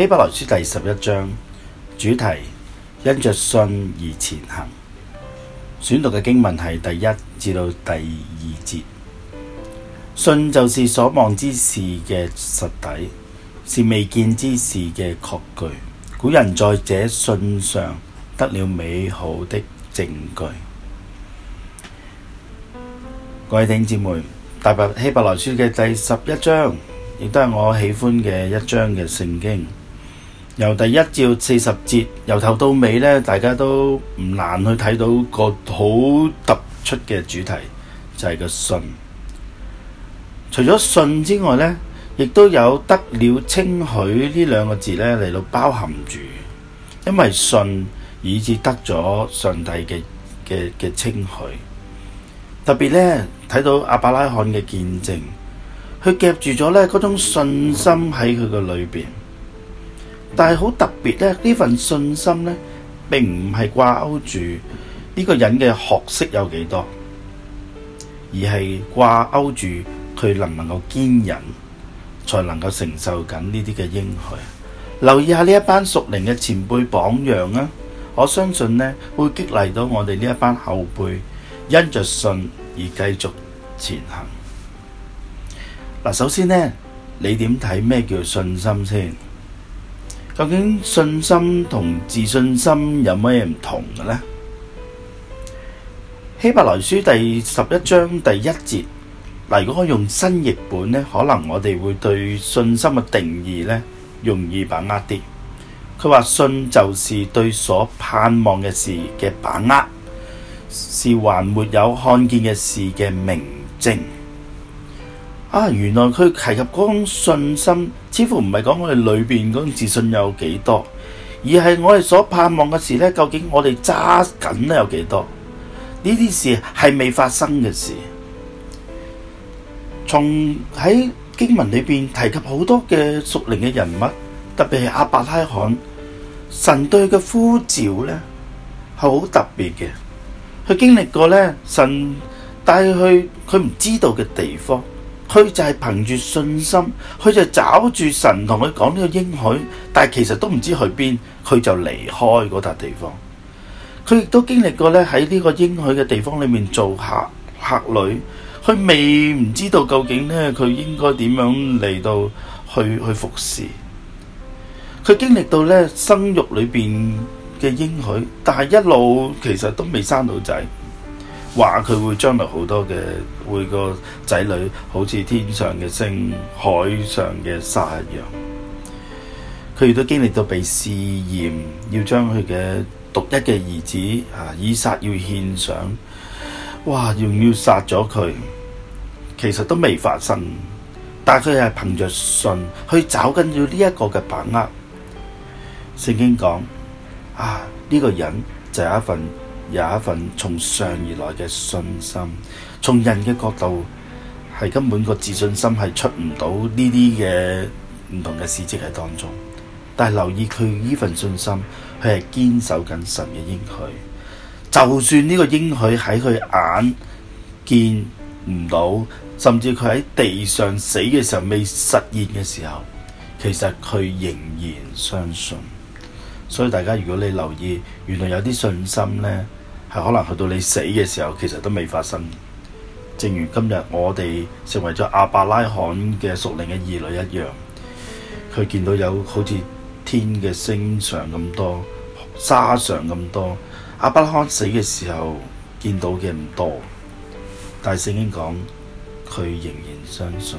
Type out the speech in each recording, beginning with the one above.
希伯來書第十一章，主題因着信而前行。選讀嘅經文係第一至到第二節。信就是所望之事嘅實底，是未見之事嘅確據。古人在這信上得了美好的證據。各位兄姐妹，大白希伯來書嘅第十一章，亦都係我喜歡嘅一章嘅聖經。由第一至四十節，由頭到尾咧，大家都唔難去睇到個好突出嘅主題，就係個信。除咗信之外呢，亦都有得了稱許呢兩個字呢，嚟到包含住，因為信以致得咗上帝嘅嘅嘅稱許。特別呢，睇到亞伯拉罕嘅見證，佢夾住咗呢嗰種信心喺佢嘅裏邊。但係好特別咧，呢份信心呢並唔係掛鈎住呢個人嘅學識有幾多，而係掛鈎住佢能唔能夠堅忍，才能夠承受緊呢啲嘅應許。留意下呢一班熟齡嘅前輩榜樣啊，我相信呢會激勵到我哋呢一班後輩，因着信而繼續前行。嗱，首先呢，你點睇咩叫信心先？究竟信心同自信心有乜嘢唔同嘅呢？希伯來書第十一章第一節，嗱，如果我用新譯本呢，可能我哋會對信心嘅定義呢容易把握啲。佢話，信就是對所盼望嘅事嘅把握，是還沒有看見嘅事嘅明證。啊！原來佢提及嗰種信心，似乎唔係講我哋裏邊嗰種自信有幾多，而係我哋所盼望嘅事呢，究竟我哋揸緊咧有幾多？呢啲事係未發生嘅事。從喺經文裏邊提及好多嘅屬靈嘅人物，特別係阿伯拉罕，神對佢嘅呼召呢係好特別嘅。佢經歷過呢，神帶去佢唔知道嘅地方。佢就係憑住信心，佢就找住神同佢講呢個應許，但係其實都唔知去邊，佢就離開嗰笪地方。佢亦都經歷過呢喺呢個應許嘅地方裏面做客客旅。佢未唔知道究竟呢，佢應該點樣嚟到去去服侍。佢經歷到呢生育裏邊嘅應許，但係一路其實都未生到仔。話佢會將來好多嘅，會個仔女好似天上嘅星、海上嘅沙一樣。佢亦都經歷到被試驗，要將佢嘅獨一嘅兒子啊以撒要獻上。哇，仲要殺咗佢，其實都未發生。但係佢係憑着信去找緊咗呢一個嘅把握。聖經講啊，呢個人就有一份，有一份從上而來嘅信心，從人嘅角度係根本個自信心係出唔到呢啲嘅唔同嘅事跡喺當中，但係留意佢呢份信心，佢係堅守緊神嘅應許，就算呢個應許喺佢眼見唔到，甚至佢喺地上死嘅時候未實現嘅時候，其實佢仍然相信。所以大家如果你留意，原來有啲信心呢。係可能去到你死嘅時候，其實都未發生。正如今日我哋成為咗阿伯拉罕嘅屬靈嘅兒女一樣，佢見到有好似天嘅星上咁多，沙上咁多。阿伯拉罕死嘅時候見到嘅唔多，但係聖經講佢仍然相信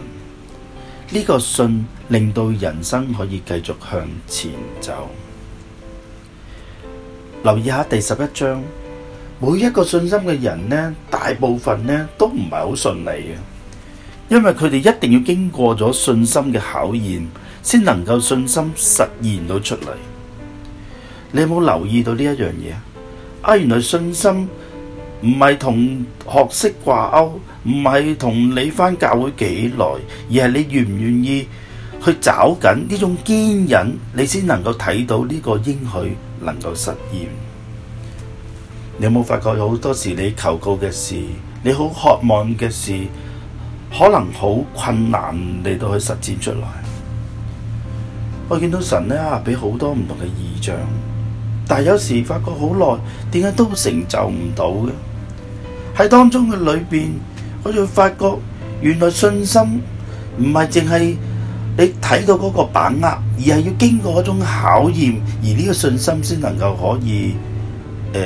呢個信，令到人生可以繼續向前走。留意下第十一章。每一個信心嘅人呢，大部分呢都唔係好順利嘅，因為佢哋一定要經過咗信心嘅考驗，先能夠信心實現到出嚟。你有冇留意到呢一樣嘢啊？啊，原來信心唔係同學識掛鈎，唔係同你返教會幾耐，而係你願唔願意去找緊呢種堅忍，你先能夠睇到呢個應許能夠實現。你有冇發覺有好多時你求告嘅事，你好渴望嘅事，可能好困難你都可以實踐出來。我見到神呢，俾好多唔同嘅異象，但係有時發覺好耐，點解都成就唔到嘅？喺當中嘅裏邊，我就發覺原來信心唔係淨係你睇到嗰個把握，而係要經過嗰種考驗，而呢個信心先能夠可以誒。呃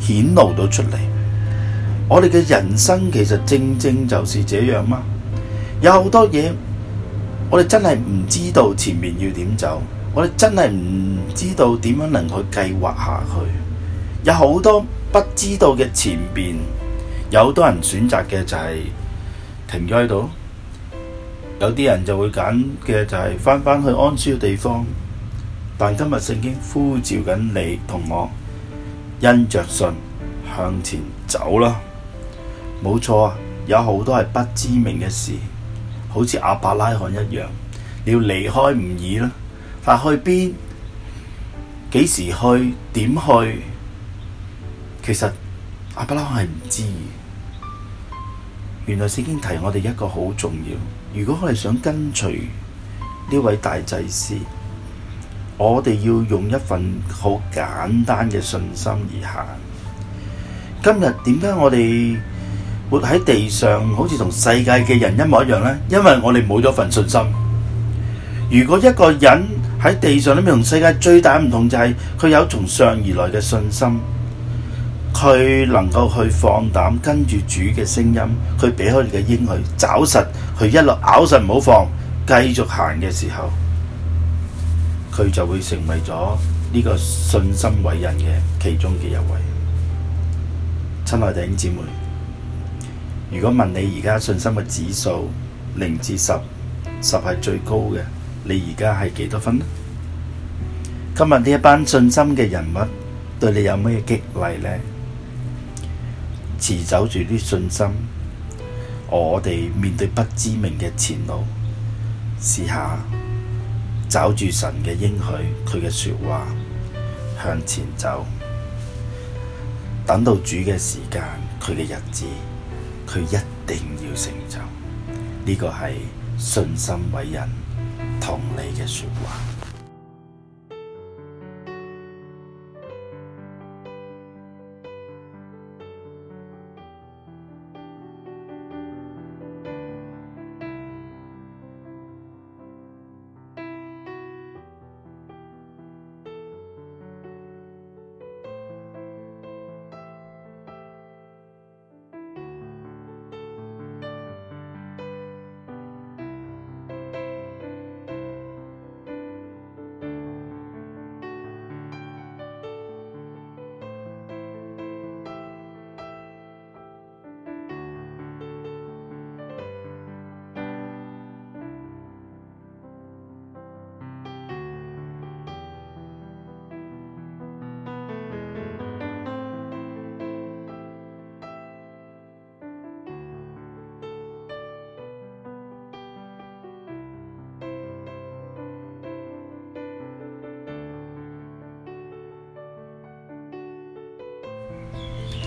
顯露到出嚟，我哋嘅人生其實正正就是這樣嘛。有好多嘢，我哋真係唔知道前面要點走，我哋真係唔知道點樣能去計劃下去。有好多不知道嘅前邊，有好多人選擇嘅就係停咗喺度，有啲人就會揀嘅就係翻返去安舒嘅地方。但今日聖經呼召緊你同我。因着信向前走啦，冇錯啊，有好多係不知名嘅事，好似亞伯拉罕一樣，你要離開唔易啦，但去邊？幾時去？點去？其實亞伯拉罕係唔知嘅。原來聖經提我哋一個好重要，如果我哋想跟隨呢位大祭司。我哋要用一份好簡單嘅信心而行。今日點解我哋活喺地上，好似同世界嘅人一模一樣呢？因為我哋冇咗份信心。如果一個人喺地上，咁樣同世界最大唔同就係佢有從上而來嘅信心，佢能夠去放膽跟住主嘅聲音，佢俾開你嘅鷹去抓實，佢一路咬實唔好放，繼續行嘅時候。佢就會成為咗呢個信心偉人嘅其中嘅一位。親愛嘅弟兄姊妹，如果問你而家信心嘅指數零至十，十係最高嘅，你而家係幾多分呢？今日呢一班信心嘅人物對你有咩激勵呢？持走住啲信心，我哋面對不知名嘅前路，試下。找住神嘅應許，佢嘅說話向前走，等到主嘅時間，佢嘅日子，佢一定要成就。呢、這個係信心偉人同你嘅說話。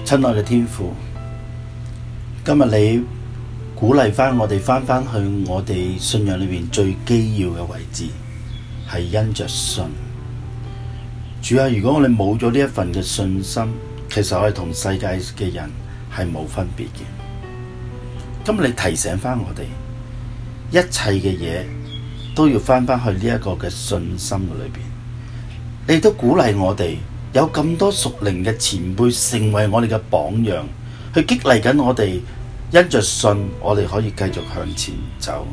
親愛嘅天父，今日你鼓勵返我哋返返去我哋信仰裏面最基要嘅位置，係因着信。主啊，如果我哋冇咗呢一份嘅信心，其實我哋同世界嘅人係冇分別嘅。今日你提醒返我哋，一切嘅嘢，都要返返去呢一個嘅信心嘅裏邊。你亦都鼓勵我哋。有咁多屬靈嘅前輩成為我哋嘅榜樣，佢激勵緊我哋，因着信我哋可以繼續向前走。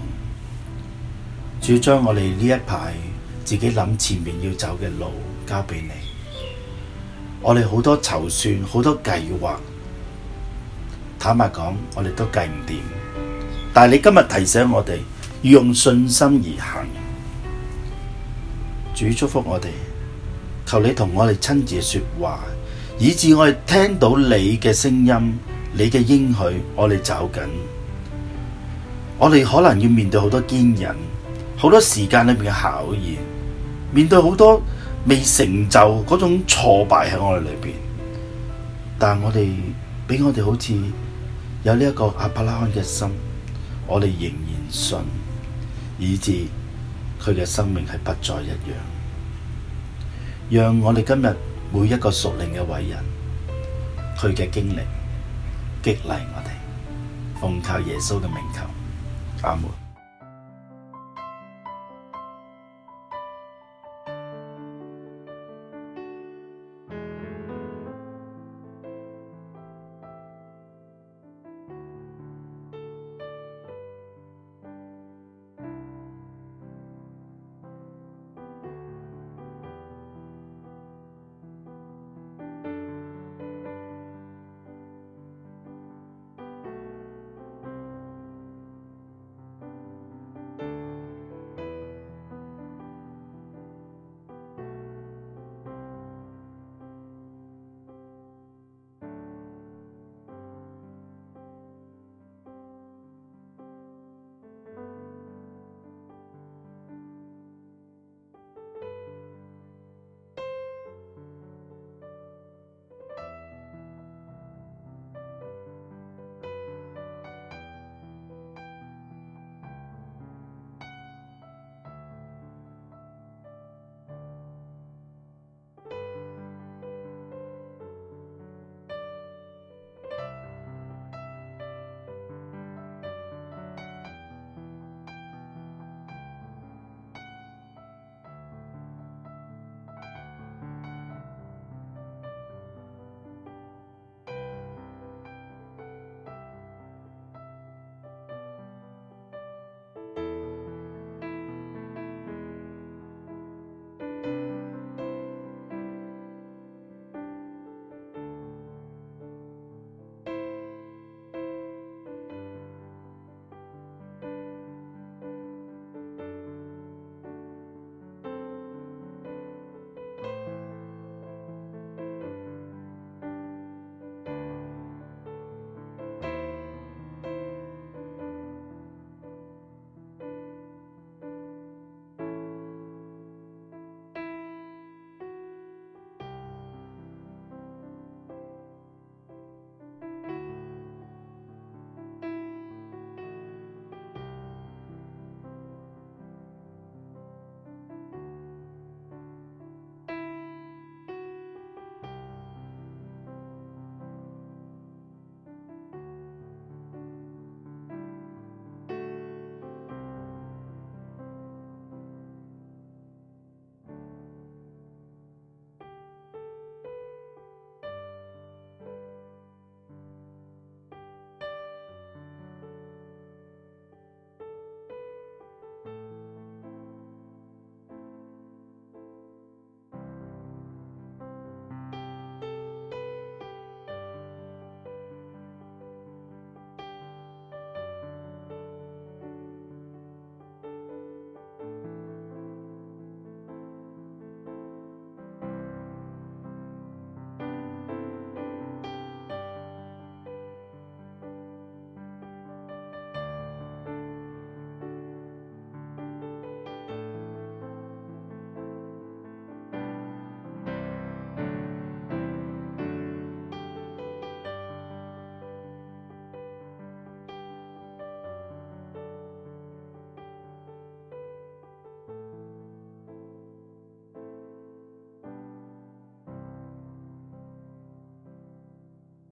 主，將我哋呢一排自己諗前面要走嘅路交俾你，我哋好多籌算，好多計劃，坦白講我哋都計唔掂。但係你今日提醒我哋要用信心而行，主要祝福我哋。求你同我哋親自說話，以致我哋聽到你嘅聲音、你嘅應許，我哋走緊。我哋可能要面對好多堅忍，好多時間裏面嘅考驗，面對好多未成就嗰種挫敗喺我哋裏邊。但我哋俾我哋好似有呢一個阿伯拉罕嘅心，我哋仍然信，以致佢嘅生命係不再一樣。讓我哋今日每一個屬靈嘅偉人，佢嘅經歷激勵我哋，奉靠耶穌嘅名求，阿門。